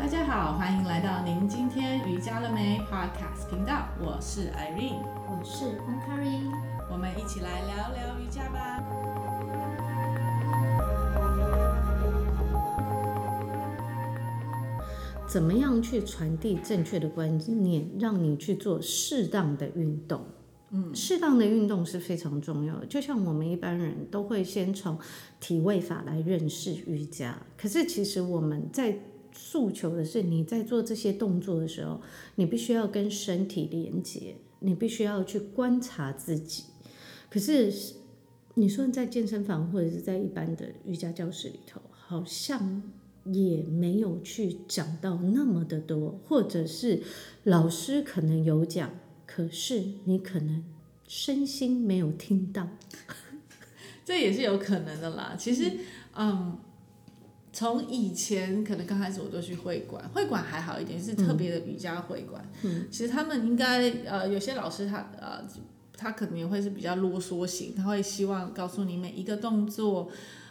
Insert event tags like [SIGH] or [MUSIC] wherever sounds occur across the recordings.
大家好，歡迎來到您今天瑜伽了沒 Podcast 頻道，我是 Irene，我是 OmKari，我們一起來聊聊瑜伽吧。怎麼樣去傳遞正確的觀念，嗯、讓你去做適當的運動？嗯、適當的運動是非常重要的。就像我們一般人都會先從體位法來認識瑜伽，可是其實我們在訴求的是你在做這些動作的時候，你必須要跟身體連接，你必須要去觀察自己。可是你說你在健身房或者是在一般的瑜伽教室裡頭，好像也沒有去講到那麼的多，或者是老師可能有講，可是你可能身心沒有聽到，這也是有可能的啦。其實，嗯。嗯從以前可能剛開始我都去會館，會館還好一點，就是特別的瑜伽會館。嗯，嗯其實他們應該呃有些老師他呃他可能也會是比較囉嗦型，他會希望告訴你每一個動作，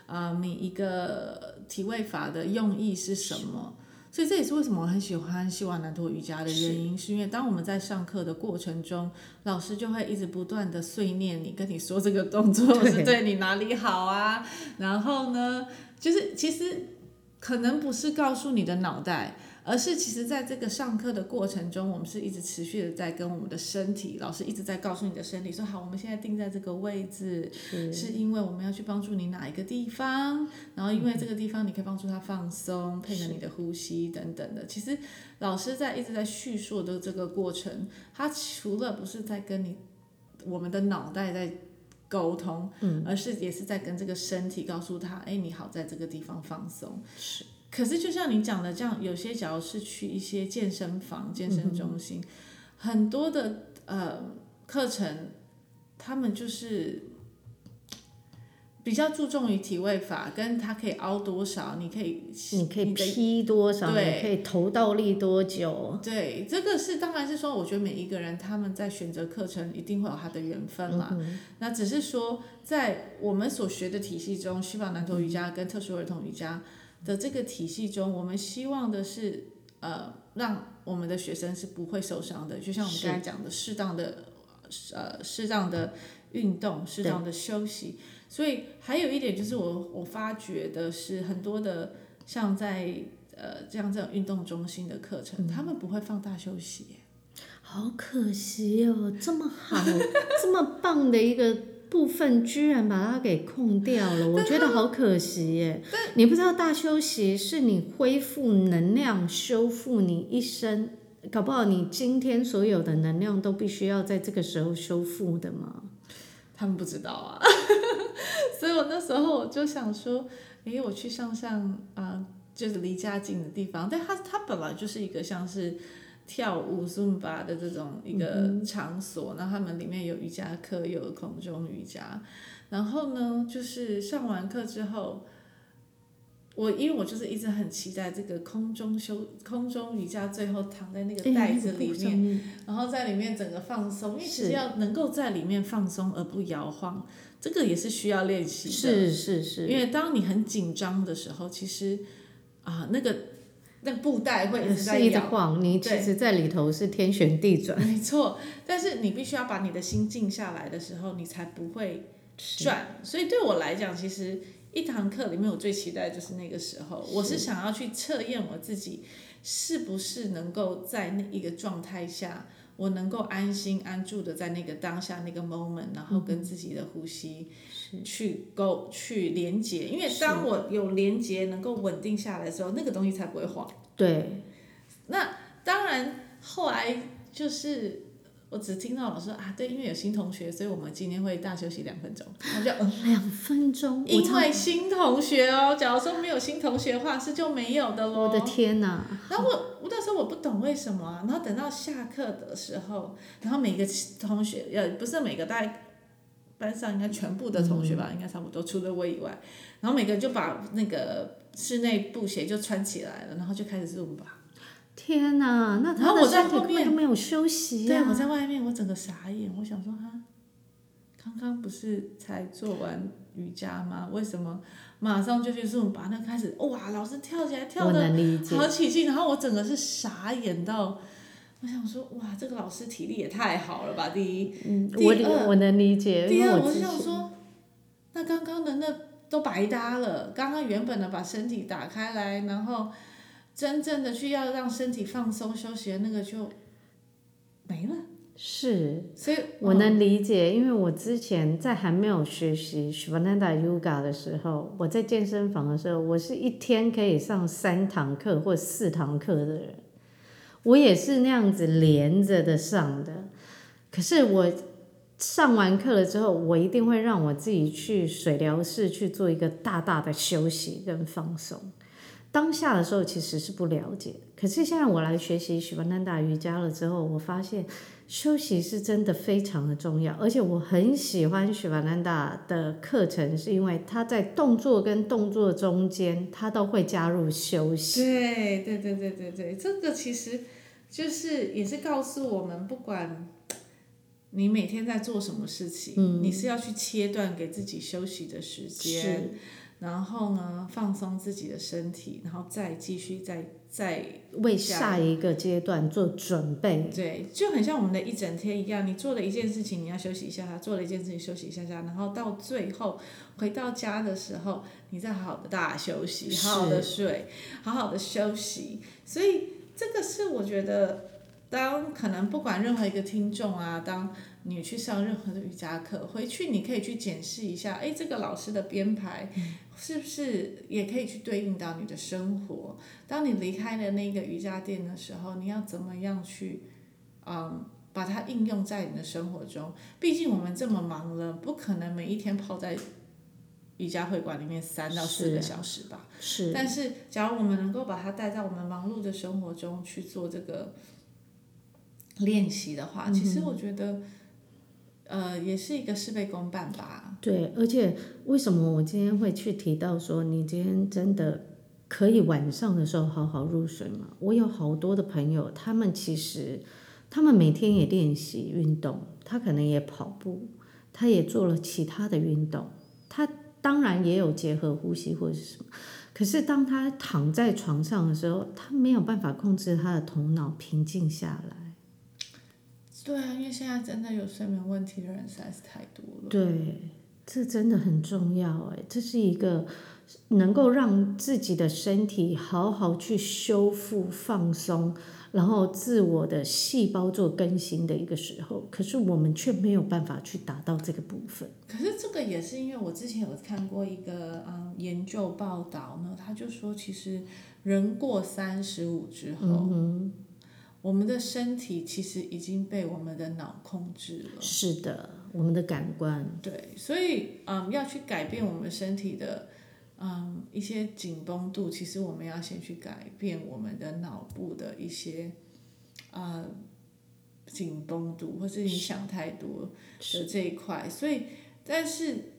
啊、呃、每一個體位法的用意是什麼。所以這也是為什麼我很喜歡希瓦難陀瑜伽的原因，是,是因為當我們在上課的過程中，老師就會一直不斷的碎念你跟你說這個動作是對你哪裡好啊，對然後呢？就是其實可能不是告訴你的腦袋，而是其實在這個上課的過程中，我們是一直持續的在跟我們的身體，老師一直在告訴你的身體說：“好，我們現在定在這個位置，是，是因為我們要去幫助你哪一個地方，然後因為這個地方你可以幫助他放鬆，嗯、配合你的呼吸等等的。是”其實老師在一直在敘述的這個過程，他除了不是在跟你我們的腦袋在。溝通，而是也是在跟這個身體告訴他：“哎、欸，你好，在這個地方放鬆。是”可是就像你講的這樣，有些假如是去一些健身房、健身中心，嗯、哼很多的呃課程，他們就是。比較注重於體位法，跟他可以凹多少，你可以你可以劈多少，對，可以頭倒立多久？對，這個是當然是說，我覺得每一個人他們在選擇課程一定會有他的緣分啦。嗯嗯那只是說，在我們所學的體系中，希瓦難陀瑜珈跟特殊兒童瑜伽的這個體系中，我們希望的是呃，讓我們的學生是不會受傷的。就像我們剛才講的，適當的是呃，適當的運動，適當的休息。所以還有一點就是我，我我發覺的是，很多的像在呃，這樣這種運動中心的課程，嗯、他們不會放大休息。欸，好可惜哦，喔，這麼好， [LAUGHS] 這麼棒的一個部分，居然把它給空掉了， [LAUGHS] 我覺得好可惜耶，欸。 [LAUGHS] 你不知道大休息是你恢復能量、修復你一生。搞不好你今天所有的能量都必須要在這個時候修復的嗎？他們不知道啊。 [LAUGHS] 所以，我那時候我就想說，哎，我去上上啊、呃，就是離家近的地方。但他他本來就是一個像是跳舞、Zumba 的這種一個場所，嗯、哼然後他們裡面有瑜伽課，有空中瑜伽。然後呢，就是上完課之後。我因為我就是一直很期待這個空中休空中瑜伽，最後躺在那個袋子裡面，哎那個、然後在裡面整個放鬆。你只是要能夠在裡面放鬆而不搖晃，這個也是需要練習的。是是是。是是因為當你很緊張的時候，其實啊、呃、那個那個布袋會一直在晃、呃，你其實在裡頭是天旋地轉。沒錯，但是你必須要把你的心靜下來的時候，你才不會轉。是所以對我來講，其實。一堂課裡面，我最期待的就是那個時候，我是想要去測驗我自己是不是能夠在那一個狀態下，我能夠安心安住的在那個當下那個 moment，然後跟自己的呼吸去勾去連接。因為當我有連接能夠穩定下來的時候，那個東西才不會晃。對，那當然後來就是。我只聽到老師啊，對，因為有新同學，所以我們今天會大休息兩分鐘。我就、嗯、兩分鐘，因為新同學哦。假如說沒有新同學的話，是就沒有的咯。我的天哪！然後我那時候我不懂為什麼、啊，然後等到下課的時候，然後每個同學要不是每個大概班上應該全部的同學吧，嗯、應該差不多都除了我以外，然後每個就把那個室內布鞋就穿起來了，然後就開始入吧。天吶、啊，那他在後面都沒有休息、啊、對，我在外面，我整個傻眼。我想說，哈，剛剛不是才做完瑜伽嗎？為什麼馬上就去？送把那開始，哇，老師跳起來跳得，好起勁。然後我整個是傻眼到，我想說，哇，這個老師體力也太好了吧？第一，嗯，第二，我能理解。第二，我想說，那剛剛的那都白搭了。剛剛原本的把身體打開來，然後。真正的去要讓身體放鬆休息的那個就沒了。是，所以我能理解，因為我之前在還沒有學習 Sivananda Yoga 的時候，我在健身房的時候，我是一天可以上三堂課或四堂課的人，我也是那樣子連着的上的。可是我上完課了之後，我一定會讓我自己去水療室去做一個大大的休息跟放鬆。當下的時候其實是不了解，可是現在我來學習希瓦難陀瑜伽了之後，我發現休息是真的非常的重要，而且我很喜歡希瓦難陀的課程，是因為他在動作跟動作中間，他都會加入休息。對對對對對對，這個其實就是也是告訴我們，不管你每天在做什麼事情，嗯、你是要去切斷給自己休息的時間。然後呢，放鬆自己的身體，然後再繼續，再再下為下一個階段做準備。對，就很像我們的一整天一樣，你做了一件事情，你要休息一下下，做了一件事情，休息一下下。然後到最後回到家的時候，你再好好的大休息，是好好的睡，好好的休息。所以這個是我覺得。當可能不管任何一個聽眾啊，當你去上任何的瑜伽課，回去你可以去檢視一下，哎，這個老師的編排是不是也可以去對應到你的生活？當你離開了那個瑜伽店的時候，你要怎麼樣去嗯把它應用在你的生活中？畢竟我們這麼忙了，不可能每一天泡在瑜伽會館裡面三到四個小時吧？是。是。但是，假如我們能夠把它帶到我們忙碌的生活中去做這個。練習的話，其實我覺得，呃，也是一個事倍功半吧。對，而且為什麼我今天會去提到說，你今天真的可以晚上的時候好好入睡嗎？我有好多的朋友，他們其實他們每天也練習運動，他可能也跑步，他也做了其他的運動，他當然也有結合呼吸或者是什麼。可是當他躺在床上的時候，他沒有辦法控制他的頭腦平靜下來。對啊，因為現在真的有睡眠問題的人實在是太多了。對，這真的很重要哎，這是一個能夠讓自己的身體好好去修復、放鬆，然後自我的細胞做更新的一個時候。可是我們卻沒有辦法去達到這個部分。可是這個也是因為我之前有看過一個嗯研究報道呢，他就說其實人過三十五之後。嗯我們的身體其實已經被我們的腦控制了。是的，我們的感官。對，所以，嗯，要去改變我們身體的，嗯，一些緊繃度，其實我們要先去改變我們的腦部的一些，呃，緊繃度或是你想太多的這一塊。所以，但是。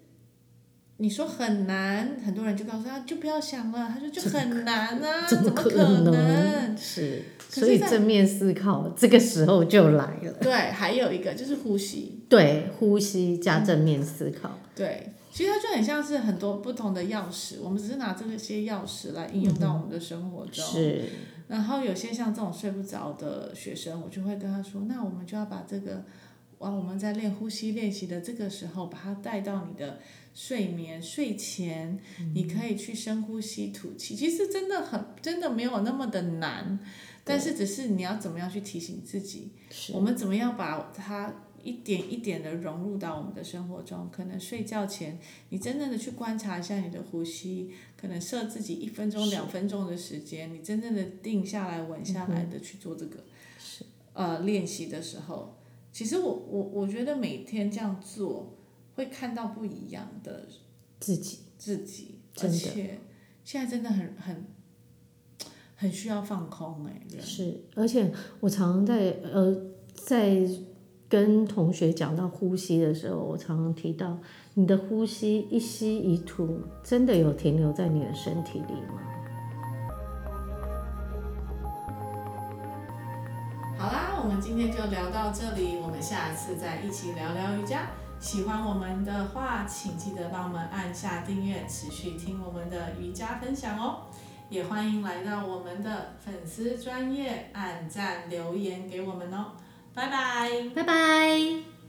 你說很難，很多人就告訴他就不要想了。他說就，就很難啊，怎麼可能？是，是在所以正面思考是這個時候就來了。對，還有一個就是呼吸。對，呼吸加正面思考，嗯。對，其實它就很像是很多不同的鑰匙，我們只是拿這些鑰匙來應用到我們的生活中。嗯、是。然後有些像這種睡不着的學生，我就會跟他說：“那我們就要把這個。”完，wow, 我們在練呼吸練習的這個時候，把它帶到你的睡眠，睡前，你可以去深呼吸、吐氣。其實真的很，真的沒有那麼的難，對但是只是你要怎麼樣去提醒自己，是我們怎麼樣把它一點一點的融入到我們的生活中。可能睡覺前，你真正的去觀察一下你的呼吸，可能設自己一分鐘、兩分鐘的時間，是你真正的定下來、穩下來的、嗯、哼去做這個，是呃練習的時候。其實我我我覺得每天這樣做會看到不一樣的自己，自己，真的。而且現在真的很很很需要放空哎。是，是，而且我常常在呃在跟同學講到呼吸的時候，我常常提到你的呼吸一吸一吐，真的有停留在你的身體裡嗎？今天就聊到這裡，我們下次再一起聊聊瑜伽。喜歡我們的話，請記得幫我們按下訂閱，持續聽我們的瑜伽分享哦。也歡迎來到我們的粉絲專頁，按讚留言給我們哦。拜拜，拜拜。